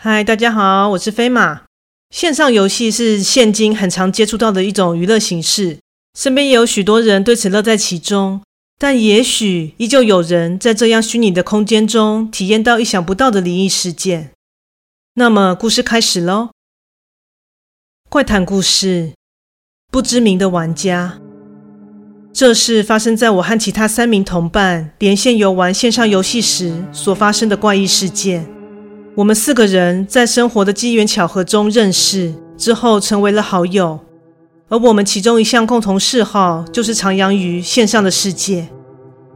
嗨，大家好，我是飛馬。線上遊戲是現今很常接觸到的一種娛樂形式，身邊也有許多人對此樂在其中。但也許依舊有人在這樣虛擬的空間中體驗到意想不到的靈異事件。那麼，故事開始嘍！怪談故事，不知名的玩家。這是發生在我和其他三名同伴連線遊玩線上遊戲時所發生的怪異事件。我們四個人在生活的機緣巧合中認識，之後成為了好友。而我們其中一項共同嗜好就是徜徉於線上的世界。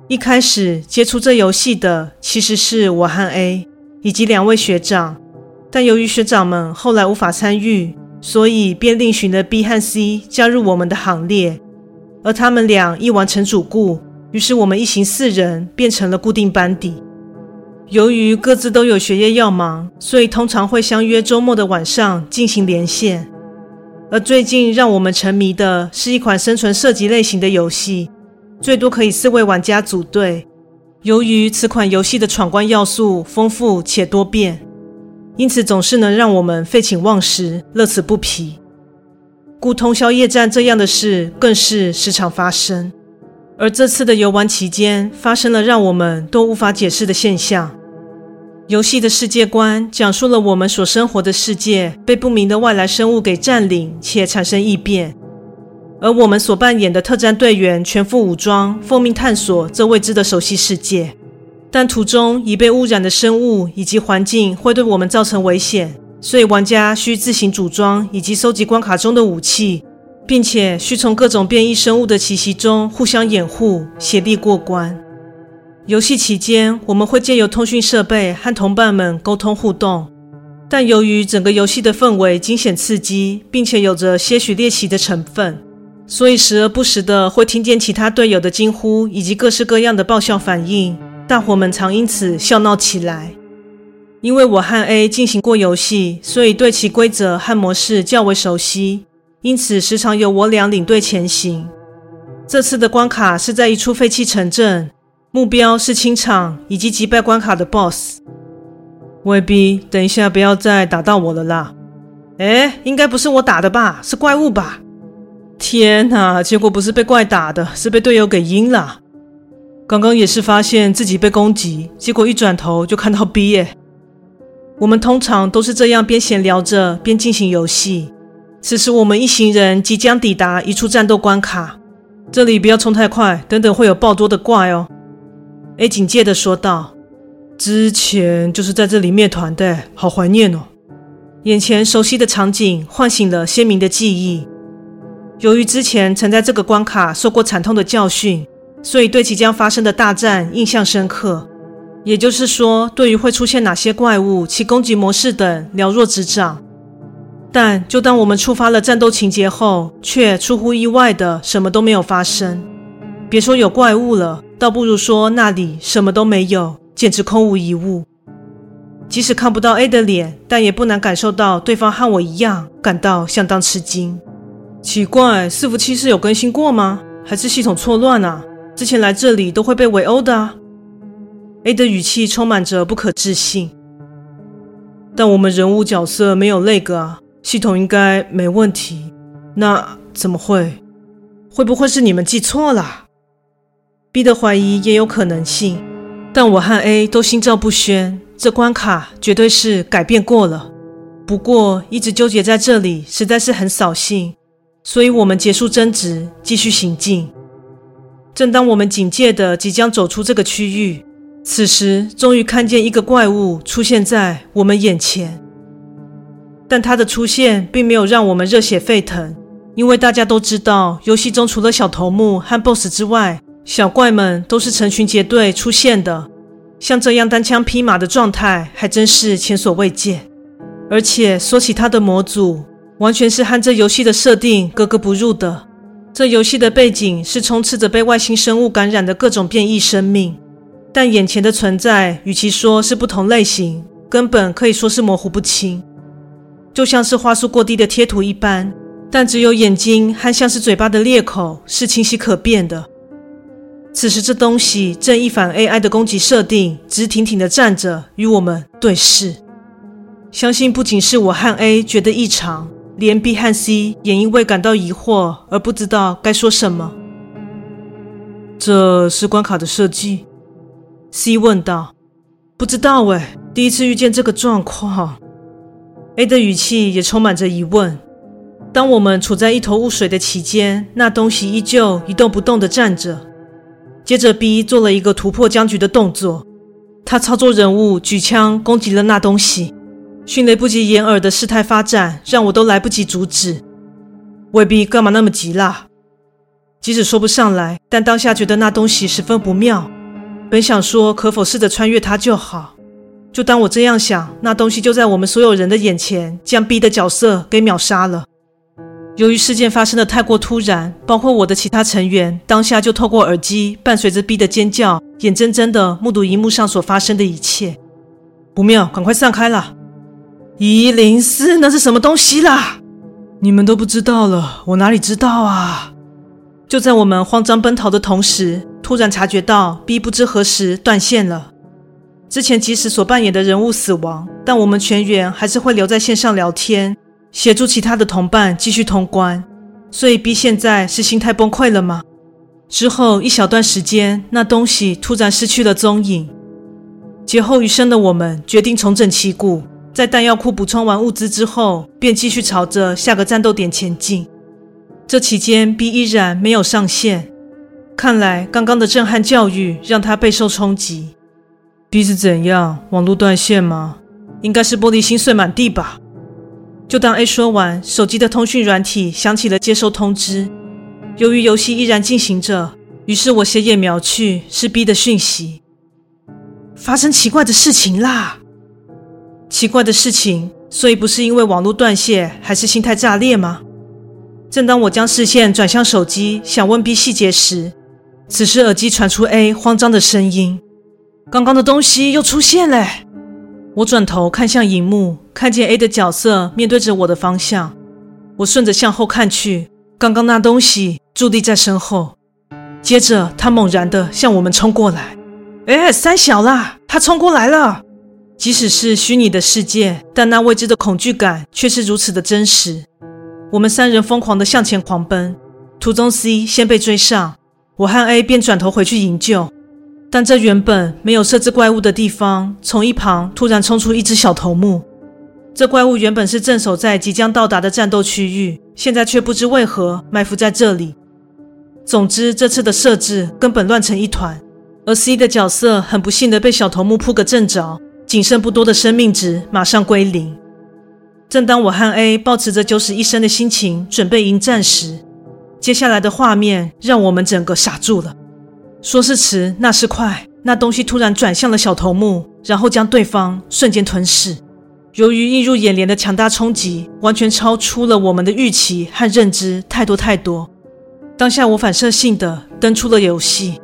一開始接觸這遊戲的，其實是我和 A，以及兩位學長。但由於學長們後來無法參與，所以便另尋了 B 和 C 加入我們的行列。而他們倆一完成主顧，於是我們一行四人變成了固定班底。由於各自都有學業要忙，所以通常會相約週末的晚上進行連線。而最近讓我們沉迷的是一款生存射擊類型的遊戲，最多可以四位玩家組隊。由於此款遊戲的闖關要素豐富且多變，因此總是能讓我們廢寢忘食，樂此不疲。故通宵夜戰這樣的事更是時常發生。而這次的遊玩期間，發生了讓我們都無法解釋的現象。遊戲的世界觀講述了我們所生活的世界被不明的外來生物給占領且產生異變，而我們所扮演的特戰隊員全副武裝，奉命探索這未知的熟悉世界。但途中已被污染的生物以及環境會對我們造成危險，所以玩家需自行組裝以及收集關卡中的武器，並且需從各種變異生物的奇襲中互相掩護，協力過關。遊戲期間，我們會借由通訊設備和同伴們溝通互動，但由於整個遊戲的氛圍驚險刺激，並且有着些許獵奇的成分，所以時而不時的會聽見其他隊友的驚呼以及各式各樣的爆笑反應，大夥們常因此笑鬧起來。因為我和 A 進行過遊戲，所以對其規則和模式較為熟悉，因此時常由我倆領隊前行。這次的關卡是在一處廢棄城鎮。目標是清場以及擊敗關卡的 BOSS。喂 B，等一下不要再打到我了啦！哎，應該不是我打的吧？是怪物吧？天啊，結果不是被怪打的，是被隊友給陰了。剛剛也是發現自己被攻擊，結果一轉頭就看到 B 耶、欸。我們通常都是這樣邊閒聊着邊進行遊戲。此時我們一行人即將抵達一處戰鬥關卡，這裡不要衝太快，等等會有爆多的怪哦。A 警戒的說道：“之前就是在這裡滅團的，好懷念哦！眼前熟悉的場景喚醒了鮮明的記憶。由於之前曾在這個關卡受過慘痛的教訓，所以對即將發生的大戰印象深刻。也就是說，對於會出現哪些怪物、其攻擊模式等了若指掌。但就當我們觸發了戰鬥情節後，卻出乎意外的什麼都沒有發生。”別說有怪物了，倒不如說那裡什麼都沒有，簡直空無一物。即使看不到 A 的臉，但也不難感受到對方和我一樣感到相當吃驚。奇怪，伺服器是有更新過嗎？還是系統錯亂啊？之前來這裡都會被圍毆的。A 的語氣充滿着不可置信。但我們人物角色沒有 lag，系統應該沒問題。那怎麼會？會不會是你們記錯了？B 的懷疑也有可能性，但我和 A 都心照不宣，這關卡絕對是改變過了。不過一直糾結在這裡，實在是很掃興，所以我們結束爭執，繼續行進。正當我們警戒的即將走出這個區域，此時終於看見一個怪物出現在我們眼前，但它的出現並沒有讓我們熱血沸騰，因為大家都知道，遊戲中除了小頭目和 BOSS 之外，小怪們都是成群結隊出現的，像這樣單槍匹馬的狀態還真是前所未見。而且說起它的模組，完全是和這遊戲的設定格格不入的。這遊戲的背景是充斥着被外星生物感染的各種變異生命，但眼前的存在與其說是不同類型，根本可以說是模糊不清，就像是畫素過低的貼圖一般。但只有眼睛和像是嘴巴的裂口是清晰可辨的。此時，這東西正一反 AI 的攻擊設定，直挺挺的站着，與我們對視。相信不僅是我和 A 覺得異常，連 B 和 C 也因為感到疑惑而不知道該說什麼。這是關卡的設計？C 問道：“不知道誒，第一次遇見這個狀況。”A 的語氣也充滿着疑問。當我們處在一頭霧水的期間，那東西依舊一動不動地站着。接着，B 做了一個突破僵局的動作，他操作人物舉槍攻擊了那東西。迅雷不及掩耳的事態發展，讓我都來不及阻止。未必幹嘛那麼急啦？即使說不上來，但當下覺得那東西十分不妙。本想說可否試着穿越它就好，就當我這樣想，那東西就在我們所有人的眼前，將 B 的角色給秒殺了。由於事件發生的太過突然，包括我的其他成員，當下就透過耳機，伴隨着 B 的尖叫，眼睜睜的目睹熒幕上所發生的一切。不妙，趕快散開啦！一零四，那是什麼東西啦？你們都不知道了，我哪裡知道啊？就在我們慌張奔逃的同時，突然察覺到 B 不知何時斷線了。之前即使所扮演的人物死亡，但我們全員還是會留在線上聊天。協助其他的同伴繼續通關，所以 B 現在是心態崩潰了嗎？之後一小段時間，那東西突然失去了蹤影。劫後餘生的我們決定重整旗鼓，在彈藥庫補充完物資之後，便繼續朝着下個戰鬥點前進。這期間，B 依然沒有上線，看來剛剛的震撼教育讓他備受衝擊。B 是怎樣？網絡斷線嗎？應該是玻璃心碎滿地吧。就當 A 說完，手機的通訊軟體響起了接收通知。由於遊戲依然進行着，於是我斜眼瞄去，是 B 的訊息。發生奇怪的事情啦！奇怪的事情，所以不是因為網絡斷線，還是心態炸裂嗎？正當我將視線轉向手機，想問 B 細節時，此時耳機傳出 A 慌張的聲音：“剛剛的東西又出現嘞！”我轉頭看向熒幕，看見 A 的角色面對着我的方向。我順着向後看去，剛剛那東西佇立在身後。接着，他猛然地向我們衝過來。哎，三小啦，他衝過來了！即使是虛擬的世界，但那未知的恐懼感卻是如此的真實。我們三人瘋狂地向前狂奔，途中 C 先被追上，我和 A 便轉頭回去營救。但這原本沒有設置怪物的地方，從一旁突然衝出一隻小頭目。這怪物原本是鎮守在即將到達的戰鬥區域，現在卻不知為何埋伏在這裡。總之，這次的設置根本亂成一團。而 C 的角色很不幸地被小頭目撲個正着，僅剩不多的生命值馬上歸零。正當我和 A 抱持着九死一生的心情準備迎戰時，接下來的畫面讓我們整個傻住了。說是遲，那是快。那東西突然轉向了小頭目，然後將對方瞬間吞噬。由於映入眼簾的強大衝擊，完全超出了我們的預期和認知太多太多。當下，我反射性的登出了遊戲，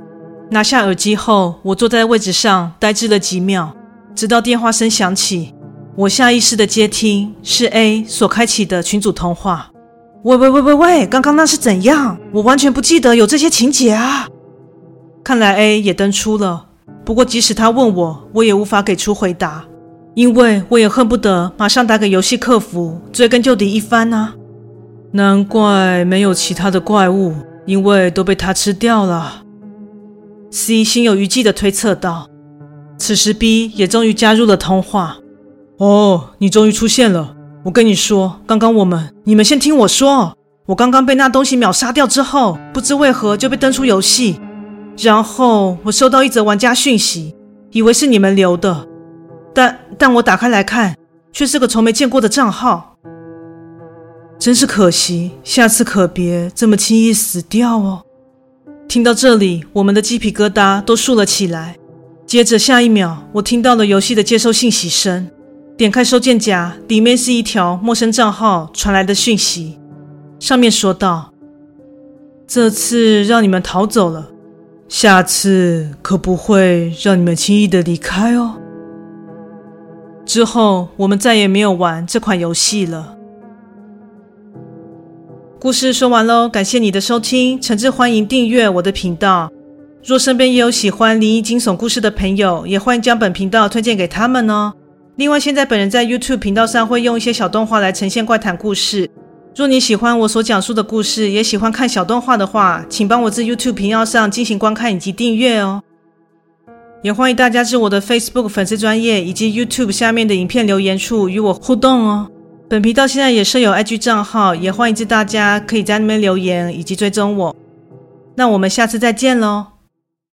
拿下耳機後，我坐在位置上呆滯了幾秒，直到電話聲響起，我下意識的接聽，是 A 所開啟的群組通話。喂喂喂喂喂，剛剛那是怎樣？我完全不記得有這些情節啊！看來 A 也登出了，不過即使他問我，我也無法給出回答，因為我也恨不得馬上打給遊戲客服，追根究底一番啊。難怪沒有其他的怪物，因為都被他吃掉了。C 心有餘悸地推測道。此時 B 也終於加入了通話。哦，你終於出現了！我跟你說，剛剛我們……你們先聽我說，我剛剛被那東西秒殺掉之後，不知為何就被登出遊戲。然後我收到一則玩家訊息，以為是你們留的，但但我打開來看，卻是個從沒見過的賬號，真是可惜。下次可別這麼輕易死掉哦！聽到這裡，我們的雞皮疙瘩都豎了起來。接着下一秒，我聽到了遊戲的接收信息聲，點開收件夾，裡面是一條陌生賬號傳來的訊息，上面說道：“這次讓你們逃走了。”下次可不會讓你們輕易的離開哦。之後我們再也沒有玩這款遊戲了。故事說完嘍，感謝你的收聽，誠摯歡迎訂閱我的頻道。若身邊也有喜歡靈異驚悚故事的朋友，也歡迎將本頻道推薦給他們哦。另外，現在本人在 YouTube 頻道上會用一些小動畫來呈現怪談故事。若你喜歡我所講述的故事，也喜歡看小動畫的話，請幫我在 YouTube 頻道上進行觀看以及訂閱哦。也歡迎大家至我的 Facebook 粉絲專頁以及 YouTube 下面的影片留言處與我互動哦。本頻道現在也設有 IG 賬號，也歡迎至大家可以在那邊留言以及追蹤我。那我們下次再見嘍。